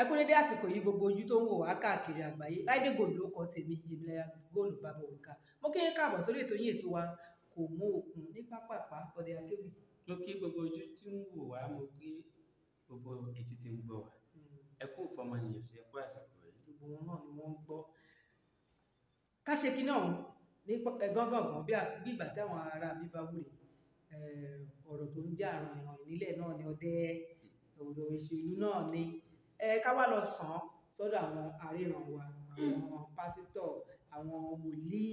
ẹ kú dédé àsìkò yìí gbogbo ojú tó ń wò wá káàkiri àgbáyé láìdé góòlù ló kọ tèmi ìmìlẹyà góòlù bàbá òǹkà mo kí yín káàbọ̀ sórí ètò yín ètò wa kò mú òkun ní pápápá ọdẹ akéwì. mo kí gbogbo ojú tí ń wò wá mo kí gbogbo etí tí ń gbọ́ wá hmm. ẹ kú ìfọmọnìyàn sí ẹ àsìkò yìí. gbogbo wọn náà ni wọn ń gbọ́ ká ṣe kí náà ní gángangan bí ìgbà táwọn ará bíbá wúre ọ̀rọ̀ tó ń jà àrùn ìrìn nílẹ̀ náà ni ọdẹ ọ̀rọ̀ ìṣèlú náà ni ká wá lọ sàn án sọ́dọ̀ àwọn àríran wa hmm. àwọn pásítọ̀ àwọn wòlíì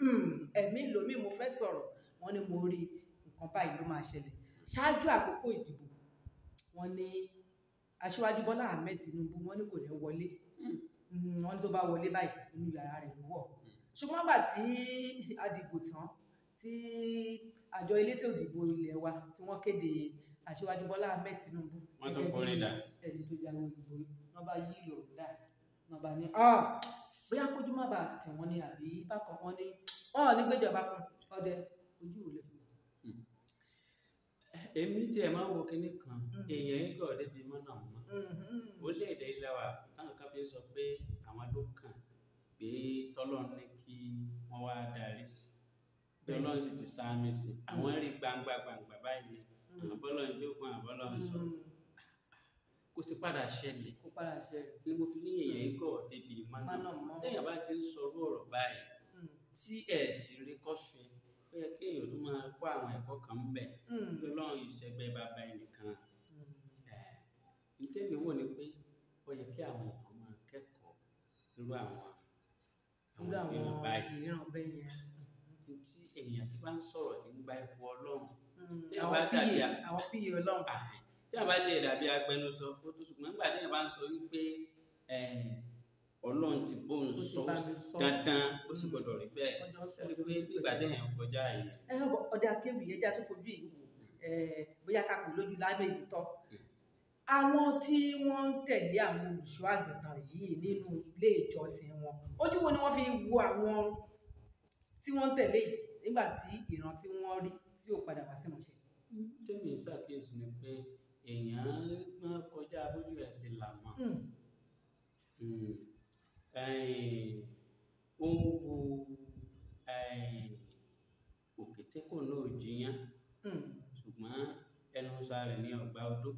hmm, ẹ̀mí lomi mo fẹ́ sọ̀rọ̀ wọ́n ní mo rí nǹkan báyìí ló máa ṣẹlẹ̀ ṣáájú àkókò ìdìbò wọ́n ní aṣíwájú Bọ́lá Ahmed Tinubu wọ́n ní kò ní wọlé hmm. wọ́n ní tó bá wọlé báyìí nínú yàrá rẹ̀ wọ̀ ṣùgbọ́n gbà tí a dìbò tán tí àjọ elétò ìdìbò ilé wa tí wọ́n kéde aṣíwájú Bọ́lá Ahmed Tinubu gẹ́gẹ́ bí ẹni tó jáwé olúborí wọ́n bá yí ìlò dá wọ́n bá ní ah, bóyá kójú má bàa tì wọ́n ní àbí bákan wọ́n ní wọ́n ò ní gbéjọba fún ọdẹ ojú ò lè fún un. èmi tiẹ̀ máa ń wo kinní kan mm-hmm. èèyàn igò débi mọ́nà mọ́ mm-hmm. orílẹ̀-èdè ìlàwà táwọn kan fi sọ pé àwọn ló kàn pé tọ́lọ́ ní kí wọ́n wá darí tọ́lọ́ sì ti sáámi sí àwọn rí gbangba gbangba báyìí àbọ́lọ̀ mm. ń jókun àbọ́lọ̀ ń sọ mm. kò sí padà ṣẹlẹ̀ kò padà ṣẹlẹ̀ ni mo fi ní èèyàn ń gọ̀ débi ìmọ̀nà téèyàn bá ti ń sọ̀rọ̀ ọ̀rọ̀ báyìí mm. tí ẹ̀ sì rí kọ́fin ó yẹ kí èèyàn tó máa kó àwọn ẹ̀kọ́ kan ń bẹ̀ pé lọ́run ìṣẹ́gbẹ́ bàbá ẹnìkan ìtẹ́mi wò ni pé ó yẹ kí àwọn ọmọ kẹ́kọ̀ọ́ irú àwọn ìran báyìí tí èèyàn ti bá ń sọ̀rọ̀ tí ń gba ipò ọlọ́run hmm, àwọn pí ọlọ́run ah, tí a bá jẹ́ dàbí agbẹnusọ ó tó ṣùgbọ́n nígbà tí bá ń sọ wípé ọlọ́run ti bóun sọ dandan ó sì hmm, gbọdọ̀ rí bẹ́ẹ̀ pé nígbà tí kọjá yìí. ọ̀dà kébì yẹn já tó fojú ìlú bóyá ká pè lójú lábẹ́ ìlú tán hmm. àwọn tí wọ́n ń tẹ̀lé àwọn olùṣọ́ àgùntàn yìí nínú ilé ìjọsìn wọn ojú wo ni wọ́n fi wo àwọn tí wọ́n tẹ̀lé yìí nígbà tí ìran tí wọ́n rí tí ò padà wá sí ìmọ̀ṣẹ́. tẹ́mi ṣàkíyèsí ni pé èèyàn máa kọjá bójú ẹ̀sìn làmọ́ ohun wo òkè tẹ́kọ̀ náà jiyàn hmm. ṣùgbọ́n ẹnu sáré ní ọgbà ọdún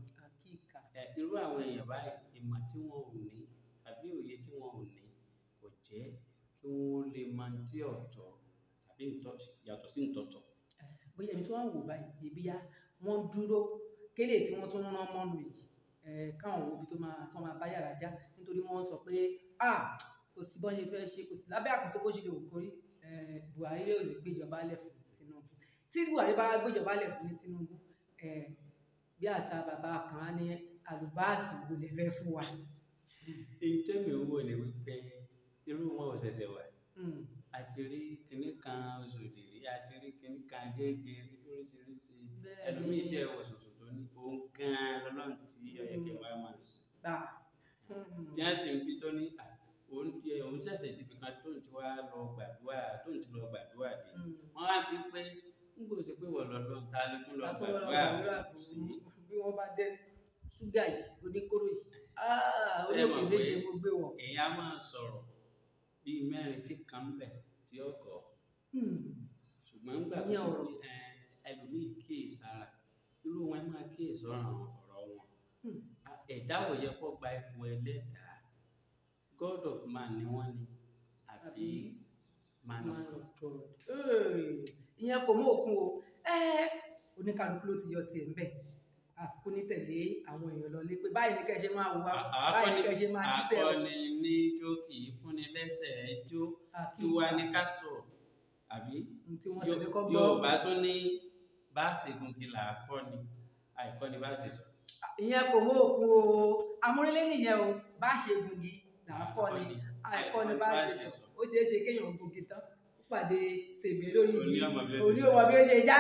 irú àwọn èèyàn báyìí ìmọ̀ tí wọn ò ní tàbí òye tí wọn ò ní kò jẹ́ kí wọ́n lè máa tí ọ̀tọ̀ yàtọ̀ sí ntọ̀tọ̀. bóyá ibi tí wọ́n wò báyìí ibi yá wọ́n dúró kélé tí wọ́n tún rán mọ́nu yìí káwọn òbí tó máa tó máa bá yàrá já nítorí wọ́n sọ pé ah kò sí bọ́n ṣe fẹ́ ṣe kò sí lábẹ́ àkóso bó ṣe lè wò kórí Buhari ò lè gbéjọba lẹ̀ fún Tinubu tí Buhari bá gbéjọba lẹ̀ fún Tinubu bí àṣà bàbá kan á ní àlùbáàsì wò lè fẹ́ fún wa. ìjẹ́mi owó ni wípé irú wọn ò ṣẹ̀ṣẹ̀ wà hmm a ti rí kinní kan òṣòdì rí a ti rí kinní kan gègé rí oríṣiríṣi ẹlòmíì tí ẹ wọ ṣoṣo tó ní òun gan-an lọ́lọ́run tí ọ̀yẹ́ kí wọ́n máa sùn. tí wọ́n sì ń bí tó ní òun tí ẹ òun ṣẹ̀ṣẹ̀ ti fi kan tóun ti wá lọ gbàdúrà tóun ti lọ gbàdúrà dé hmm. wọ́n á bí pé ń gbòòsè pé wọ́n lọ́dọ̀ ta ló tún lọ gbàdúrà fún sí. bí wọ́n bá dẹ́ ṣúgà yìí oníkóró yìí ah oníkè méje mo gbé wọn. èèyàn máa bíi mẹ́rin tí kan bẹ̀ tí ó gọ̀ hmm. ṣùgbọ́n nígbà tó ṣe pé ẹlòmíì kíyèsára irú wọn máa kíyèsọ́ràn ọ̀rọ̀ wọn hmm. ẹ̀dá ò yẹ kó gba ipò ẹlẹ́dàá god of man ni wọ́n ni àbí man of god. ìyẹn kò mú òkun o oníkàlùkù ló ti yọ tiẹ̀ ń bẹ̀. Ah, kò ní tẹ̀lé àwọn èèyàn lọlé pé báyìí ni kẹ́ ṣe máa wà báyìí ni kẹ́ ṣe máa ṣiṣẹ́ o. akọni ní jó kì í fúnni lẹ́sẹ̀ jó tiwa ní ká sọ àbí yorùbá tó ní bá a ah, là á kọ́ ni àìkọ́ ni bá a ṣe sọ. ìyẹn kò mú òkú o amúrílé nìyẹn o bá a là á kọ́ ni àìkọ́ ni bá a ṣe sọ ó ṣeé ṣe kéèyàn gun kí tán pàdé ṣègbè lórí ìlú orí bí ó ṣe já.